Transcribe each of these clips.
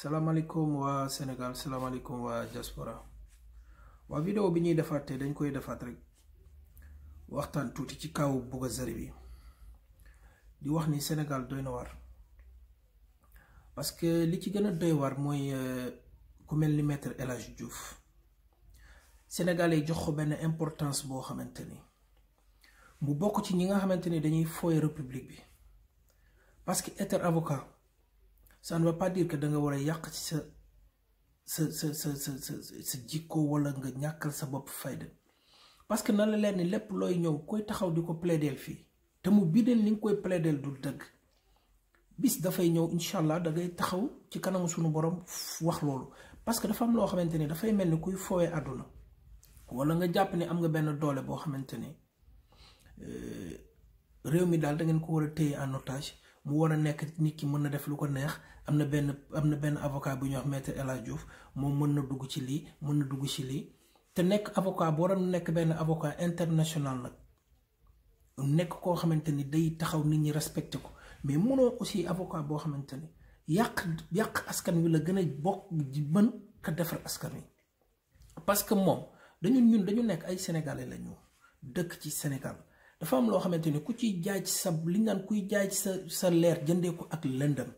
salaamaaleykum waa Sénégal salaamaaleykum waa diaspora waa vidéo bi ñuy defaat te dañ koy defaat rek waxtaan tuuti ci kaw Bougazelli bi di wax ni Sénégal doy na waar parce que li ci gën a doy war mooy euh, ku mel ni maître El Hadj Diouf sénégalais jox ko benn importance boo xamante ni mu bokk ci ñi nga xamante ni dañuy fooy république bi parce que être avocat. ça ne veut pas dire que da nga ci sa sa sa sa sa sa jikko wala nga sa fayda parce que na la leen lepp un ñew koy taxaw te mu koy du bis inshallah, da ngay taxaw ci suñu borom wax parce que dafa am lo kuy wala nga am nga euh, mi da ngeen ko mu war a nekk nit ki mën na def lu ko neex am na benn am na benn avocat bu ñuy wax maître El moom mën na dugg ci lii mën na dugg ci lii te nekk avocat boo doon nekk benn avocat international nag nekk koo xamante ni day taxaw nit ñi respecté ko mais mënoo aussi avocat boo xamante ni yàq yàq askan wi la gën a bokk ji mën ka defar askan wi parce que moom dañu ñun dañu nekk ay sénégalais la ñu dëkk ci Sénégal. dafa am loo xamante ni ku ciy jaay ci sa li ñu naan kuy jaay ci sa leer jëndee ko ak lëndëm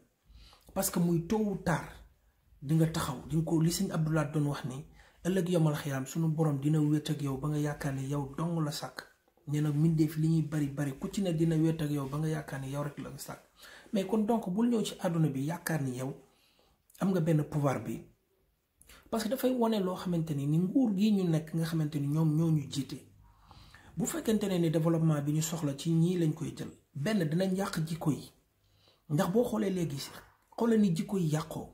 parce que muy tôt taar tard di nga taxaw di ko li sëñ Abdoulaye doon wax ni ëllëg yomal xiyaam suñu borom dina wéet ak yow ba nga yaakaar ne yow dong la sàkk nee na mbindeef li ñuy bari bari ku ci dina wéet ak yow ba nga yaakaar ni yow rek la sàkk mais kon donc bul ñëw ci àdduna bi yaakaar ni yow am nga benn pouvoir bi parce que dafay wone loo xamante ni ni nguur gii ñu nekk nga xamante ni ñoom ñoo ñu jiite. bu fekkente ne ni développement bi ñu soxla ci ñii lañ koy jël benn dinañ yàq jikko yi ndax boo xoolee léegi xoolee ni jikko yi yàqoo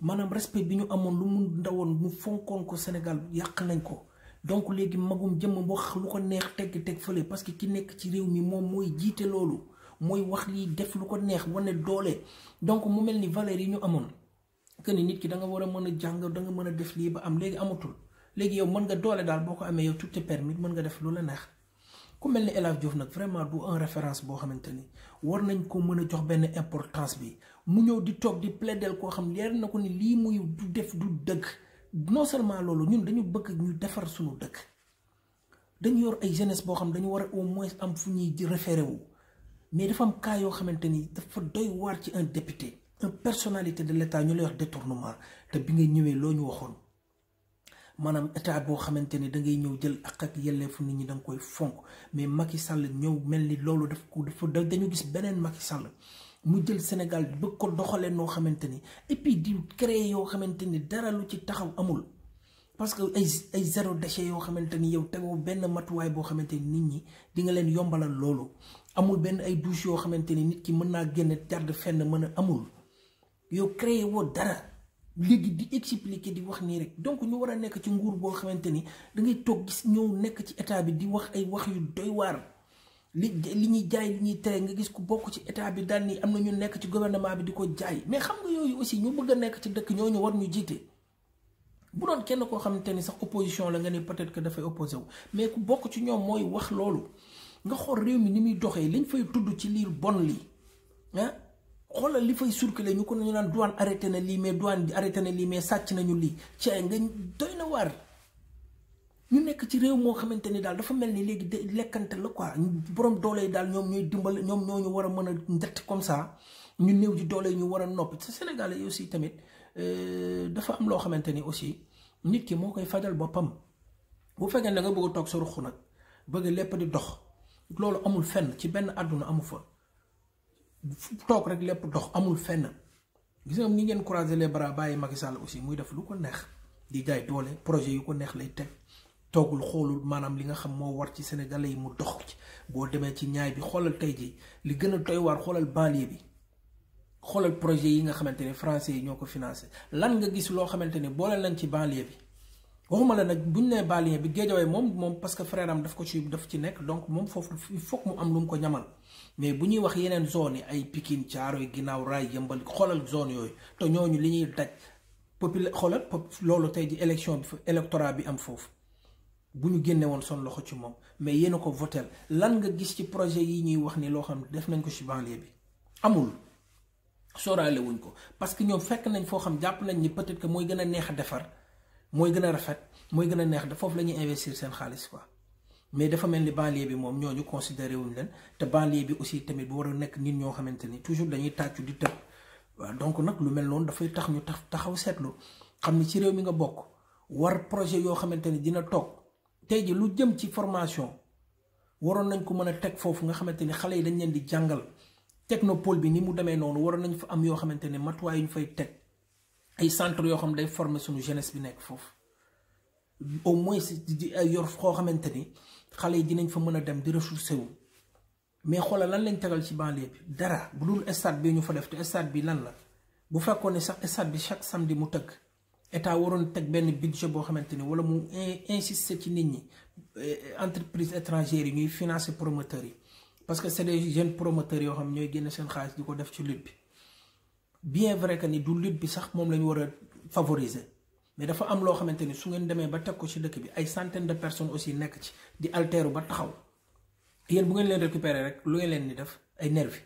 maanaam respect bi ñu amoon lu mu ndawoon mu fonkoon ko Sénégal yàq nañ ko donc léegi magum jëmm wax lu ko neex tegg teg fële parce que ki nekk ci réew mi moom mooy jiite loolu mooy wax lii def lu ko neex wane doole donc mu mel ni valeur yi ñu amoon que ni nit ki da nga war a mën a jàng danga mën a def lii ba am léegi amatul. légui yow mën nga doole dal boko amé yow tout est permis mën nga def lula la neex ku melni ni El Hadj Diouf nag vraiment du un référence bo xamanteni war nañ ko mëna jox ben importance bi mu ñëw di tok di plaider ko xam leer na ko ni li muy du def du deug non seulement lolu ñun dañu bëgg ñu defar suñu deug dañ yor ay jeunesse bo xam dañu war au moins am fu ñuy référé wu mais dafa am ka yo xamanteni dafa doy war ci un député une personnalité de l'état ñu lay wax détournement te bi nga ñëwé loo ñu waxoon. maanaam état boo xamante ne da ngay ñëw jël ak ak yelleefu nit ñi da koy fonk mais Macky Sall ñëw mel ni loolu daf ko dafa dañu gis beneen Macky Sall mu jël Sénégal bëgg ko doxalee noo xamante ni et puis di créer yoo xamante ni dara lu ci taxaw amul. parce que ay ay zéro déchet yoo xamante ni yow tegoo benn matuwaay boo xamante ni nit ñi di nga leen yombalal loolu amul benn ay douche yoo xamante ni nit ki mën naa génn jàdd fenn mën a amul yow créer woo dara. léegi di expliquer di wax nii rek donc ñu war a nekk ci nguur boo xamante ni da ngay toog gis ñëw nekk ci état bi di wax ay wax yu doy waar li li ñuy jaay li ñuy tere nga gis ku bokk ci état bi daal nii am na ñu nekk ci gouvernement bi di ko jaay mais xam nga yooyu aussi ñu bëgg a nekk ci dëkk ñooñu war ñu jiite. bu doon kenn koo xamante ni sax opposition la nga ne peut-être que dafay opposé wu mais ku bokk ci ñoom mooy wax loolu nga xool réew mi ni muy doxee liñ fay tudd ci liir bon lii ah. xoolal li fay circuler ñu ko ñu naan douane arrêté na lii mais douane arrêté na lii mais sàcc nañu lii ci nga doy na waar ñu nekk ci réew moo xamante ni daal dafa mel ni léegi de lekkante la quoi borom doole daal ñoom ñooy dimbal ñoom ñoo ñu war a mën a ndett comme ça ñu néew ji doole yi ñu war a noppi te Sénégal yi aussi tamit euh, dafa am loo xamante ni aussi nit ki moo koy fajal boppam bu fekkee da nga bëgg toog sa ruq nag bëgg lépp di dox loolu amul fenn ci benn àdduna amu fa. tok rek lépp dox amul fenn gis nga ni ngeen croiser les bras baye Macky Sall aussi muy def lu ko neex di jay dole projet yu ko neex lay tek toogul xolul manam li nga xam mo war ci sénégalais yi mu dox ci bo démé ci ñaay bi xolal tay ji li gëna toy war xolal banlieue bi xolal projet yi nga xamante français yi ñoo ko lan nga gis lo xamante bo boole lañ ci banlieue bi waxuma la nag buñ nee balien bi géejawaay moom moom parce que frère am daf ko ci daf ci nekk donc moom foofu il faut mu am lu mu ko ñamal mais bu ñuy wax yeneen zone yi ay Pikine Caaroy ginnaaw raay yëmbal xoolal zone yooyu te ñooñu li ñuy daj popula xoolal loolu tey ji élection bi électorat bi am foofu bu ñu génne woon son loxo ci moom mais yéen a ko votel lan nga gis ci projet yi ñuy wax ni loo xam def nañ ko ci banlieue bi amul sóoraale wuñ ko parce que ñoom fekk nañ foo xam jàpp nañ ni peut-être que mooy gën a neex a defar mooy gën a rafet mooy gën a neex da foofu la ñuy investir seen xaalis quoi mais dafa mel ni banlieue bi moom ñooñu considéré wuñ leen te banlieue bi aussi tamit bu war a nekk nit ñoo xamante ni toujours dañuy tàccu di tëb waaw donc nag lu mel noonu dafay tax ñu tax taxaw seetlu xam ci réew mi nga bokk war projet yoo xamante ni dina toog tey ji lu jëm ci formation waroon nañ ko mën a teg foofu nga xamante ni xale yi dañ leen di jàngal technopole bi ni mu demee noonu waroon nañ fa am yoo xamante ne matuwaay yu ñu fay teg. ay centre yo xam day former suñu jeunesse bi nek foofu au moins di yor xoo xamanteni xalé xale yi dinañ fa mëna dem di ressourcer wu mais xoolal lan lañ tegal ci banlieue bi dara bu dul stade bi ñu fa def te stade bi lan la bu fekkoon ne sax stade bi chaque samedi mu tëgg état waron teg ben budget bo xamanteni wala mu insister ci nit ñi eh, entreprise étrangère ñuy financer promoteur yi parce que c'est des jeunes promoteurs yo xam ñoy génn seen xaalis diko def ci lutte bien vrai que ni du lutte bi sax moom la ñu war a favoriser mais dafa am loo xamante ni su ngeen demee ba teg ko ci dëkk bi ay centaine de personnes aussi nekk ci di altéru ba taxaw yéen bu ngeen leen récupérer rek lu ngeen leen di def ay nervi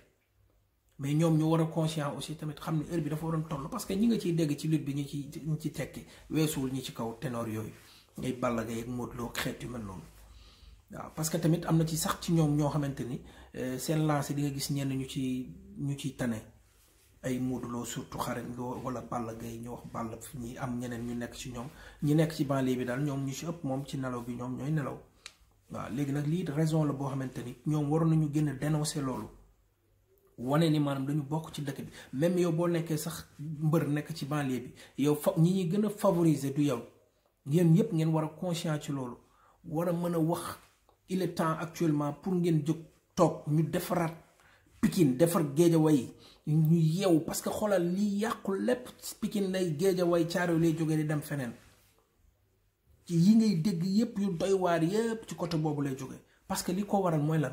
mais ñoom ñu war a conscient aussi tamit xam ne heure bi dafa waroon toll parce que ñi nga ciy dégg ci lutte bi ñu ci ñu ci tekki weesuwul ñi ci kaw ténor yooyu ngay Balla Gaye ak Modou Lo xeet yu man noonu waaw parce que tamit am na ci sax ci ñoom ñoo xamante ni euh, seen lancé di nga gis ñenn ñu ci ñu ciy tane ay Modou Lo surtout xarañ loo wala Balla Gaye ñu wax Balla ñi am ñeneen ñu nekk ci ñoom ñi nekk ci banlieue bi daal ñoom ñu ci ëpp moom ci nelaw bi ñoom ñooy nelaw waaw léegi nag lii raison la boo xamante ni ñoom waroon nañu gën a dénoncer loolu wane ni maanaam dañu bokk ci dëkk bi même yow boo nekkee sax mbër nekk ci banlieue bi yow fa ñi ñuy gën a favoriser du yow ngeen yépp ngeen war a conscient ci loolu war a mën a wax il est temps actuellement pour ngeen jóg toog ñu defaraat. Pikine defar Géejawaay ñu yeewu parce que xoolal li yàqu lépp Pikine lay Géejawaay caaro lay jógee di dem feneen ci yi ngay dégg yépp yu doy waar yépp ci côté boobu lay jóge parce que li ko waral mooy lan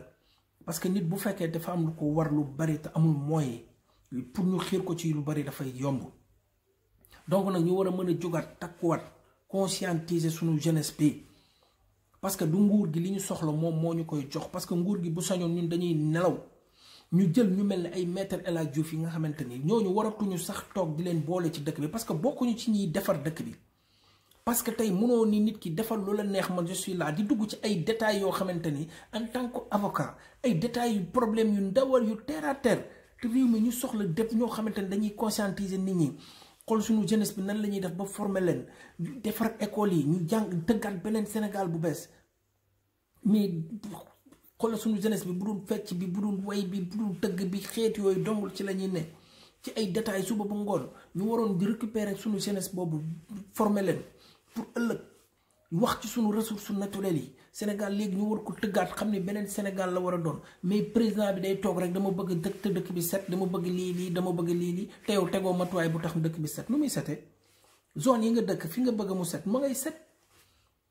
parce que nit bu fekkee dafa am lu ko war lu bari te amul mooy pour ñu xiir ko ci lu bari dafay yomb donc nag ñu war a mën a jógaat takkuwaat conscientiser sunu jeunesse bi parce que du nguur gi li ñu soxla moom moo ñu koy jox parce que nguur gi bu sañoon ñun dañuy nelaw. ñu jël ñu mel ne ay maître El Hadj Diouf yi nga xamante ni ñu waratuñu sax toog di leen boole ci dëkk bi parce que bokkuñu ci ñiy defar dëkk bi parce que tey mënoo ni nit ki defar lu la neex man je suis là di dugg ci ay détails yoo xamante ni en tant que avocat ay détails yu problème yu ndawal yu terre à terre te réew mi ñu soxla dëpp ñoo xamante ni dañuy conscientiser nit ñi xool suñu jeunesse bi nan la ñuy def ba former leen defar école yi ñu jàng dëggaat beneen Sénégal bu bees mais xoolal suñu jeunesse bi bu dul fecc bi bu dul way bi bu dul tëgg bi xeet yooyu dongul ci la ñuy ne ci ay détails suba bu ngoon ñu waroon di récupérer suñu jeunesse boobu former leen pour ëllëg wax ci suñu ressources naturelles yi Sénégal léegi ñu war ko tëggaat xam ne beneen Sénégal la war a doon mais président bi day toog rek dama bëgg dëkk te dëkk bi set dama bëgg lii lii dama bëgg lii lii te yow tegoo matuwaay bu tax dëkk bi set nu muy setee zone yi nga dëkk fi nga bëgg mu set ma ngay set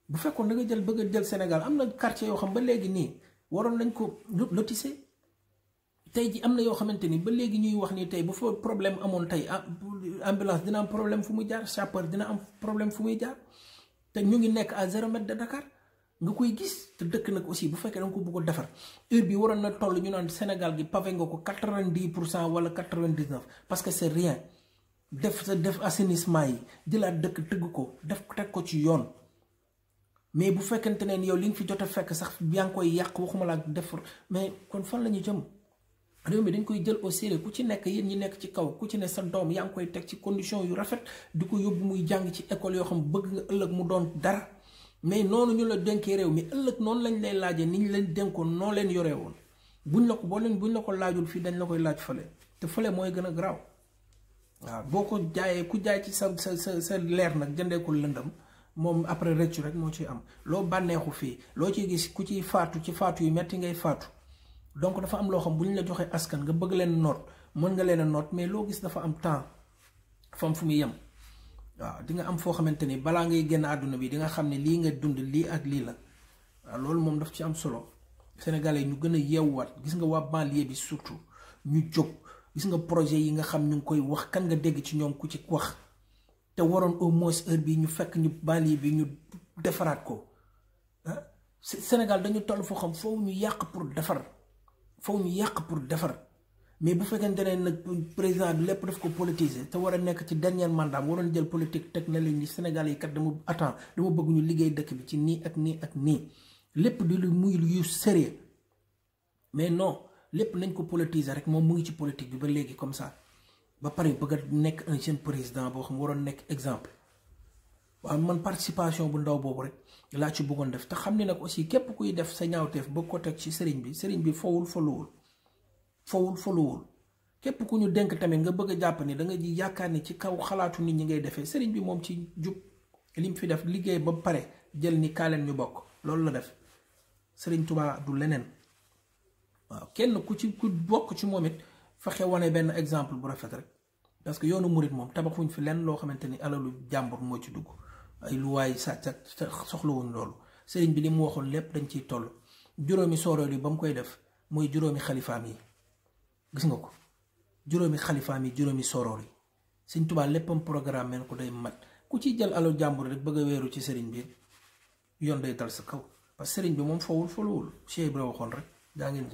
bu fekkoon da nga jël bëgg jël Sénégal am na quartier yoo xam ba léegi nii waroon nañ ko lotissé tey ji am na yoo xamante ni ba léegi ñuy wax ni tey bu fa problème amoon tey ah, ambulance dina am problème fu muy jaar sapeur dina am problème fu muy jaar te ñu ngi nekk à zéro mètre de Dakar nga koy gis te dëkk nag aussi bu fekkee da ko bëgg a defar heure bi waroon na toll ñu naan Sénégal gi pavé nga ko quatre vingt dix pour cent wala quatre vingt dix neuf parce que c'est rien def sa def assainissement yi jëlaat dëkk tëgg ko def teg ko ci yoon. mais bu fekkente ne yow li nga fi jot a fekk sax yaa ngi koy yàq waxuma la defar mais kon fan la ñu jëm réew mi dañ koy jël au sérieux ku ci nekk yéen ñi nekk ci kaw ku ci ne sa doom yaa ngi koy teg ci condition yu rafet di ko yóbbu muy jàng ci école yoo xam bëgg nga ëllëg mu doon dara mais noonu ñu la denkee réew mi ëllëg noonu lañ lay laajee ni ñu leen dénkoon noo leen yore woon buñ la ko boo leen bu buñ la ko laajul fii dañ la koy laaj fële te fële mooy gën a garaaw waaw boo ko jaayee ku jaay ci sa sa sa leer nag jëndee lëndam moom après rëccu rek moo ciy am loo bànneexu fii loo ci gis ku ciy faatu ci faatu yu metti ngay faatu donc dafa am loo xam bu ñu la joxee askan nga bëgg leen noot mën nga leen a noot mais loo gis dafa am temps fam fu muy yem waaw di nga am foo xamante ni balaa ngay génn àdduna bi di nga xam ne lii nga dund lii ak lii la waaw loolu moom daf ci am solo Sénégalais yi ñu gën a yeewuwaat gis nga waa banlieue bi surtout ñu jóg gis nga projet yi nga xam ñu ngi koy wax kan nga dégg ci ñoom ku ci wax. te waroon au moins heure bi ñu fekk ñu banlieue bi ñu defaraat ko ah Sénégal dañu toll foo xam foofu ñu yàq pour defar foofu ñu yàq pour defar mais bu fekkente ne nag président lépp daf ko politiser te war a nekk ci dernier mandat waroon jël politique teg na leen ni Sénégal yi kat dama attend dama bëgg ñu liggéey dëkk bi ci nii ak nii ak nii lépp di lu muy yu sérieux mais non lépp nañ ko politiser rek moom mu ngi ci politique bi ba léegi comme ça. ba pare bëgg a nekk un jeune président boo xam waroon nekk exemple waaw man participation bu ndaw boobu rek laa ci bëggoon def te xam ne nag aussi képp kuy def sa ñaawteef ba ko ci sëriñ bi sëriñ bi fowul foluwul fowul foluwul képp ku ñu denk tamit nga bëgg a jàpp ni da nga ji yaakaar ni ci kaw xalaatu nit ñi ngay defee sëriñ bi moom ci jub lim fi def liggéey ba pare jël ni kaaleen ñu bokk loolu la def sëriñ Tuubaa du leneen waaw kenn ku ci ku bokk ci moom it fexe benn exemple bu rafet rek. parce que yoonu murit moom tabaxuñ fi lenn loo xamante ni alalu jàmbur moo ci dugg ay luwaay sa ak soxlawuñ loolu sëriñ bi li mu waxoon lépp dañ ciy toll juróomi soorool yi ba mu koy def mooy juróomi xalifaam yi gis nga ko juróomi xalifaam yi juróomi soorool yi Sëriñ Tuubaa léppam programme mel ko day mat ku ci jël alalu jàmbur rek bëgg a wéeru ci sëriñ bi yoon day dal sa kaw parce sëriñ bi moom fowul folowul Cheikh Ibra waxoon rek daa ngeen